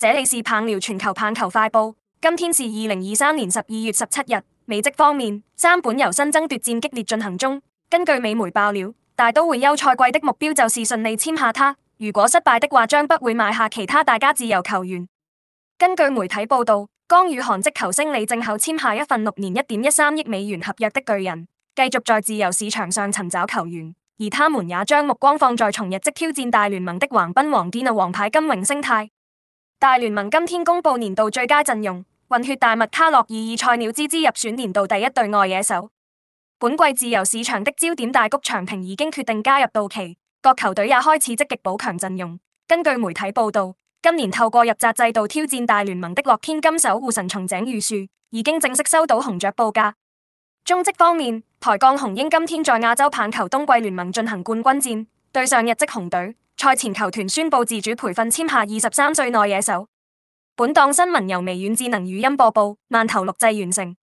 這裏是棒聊全球棒球快報，今天是二零二三年十二月十七日。美職方面，山本由伸爭奪戰激烈進行中。根據美媒爆料，大都會休賽季的目標就是順利簽下他。如果失敗的話，將不會買下其他大家自由球員。根據媒體報道，剛與韓職球星李政厚簽下一份六年一點一三億美元合約的巨人，繼續在自由市場上尋找球員，而他們也將目光放在從日職挑戰大聯盟的橫濱 DeNA 的王牌今永昇太。大聯盟今天公布年度最佳陣容，混血大物卡洛爾以菜鳥之姿入選年度第一隊外野手。本季自由市場的焦點大谷翔平已經決定加入道奇，各球隊也開始積極補強陣容。根據媒體報道，今年透過入札制度挑戰大聯盟的樂天金守護神松井裕樹已經正式收到紅雀報價。中職方面，台鋼雄鷹今天在亞洲棒球冬季聯盟進行冠軍戰，對上日職紅隊。賽前球團宣布自主培訓簽下二十三歲內野手。本檔新聞由微軟智能語音播報，慢頭錄製完成。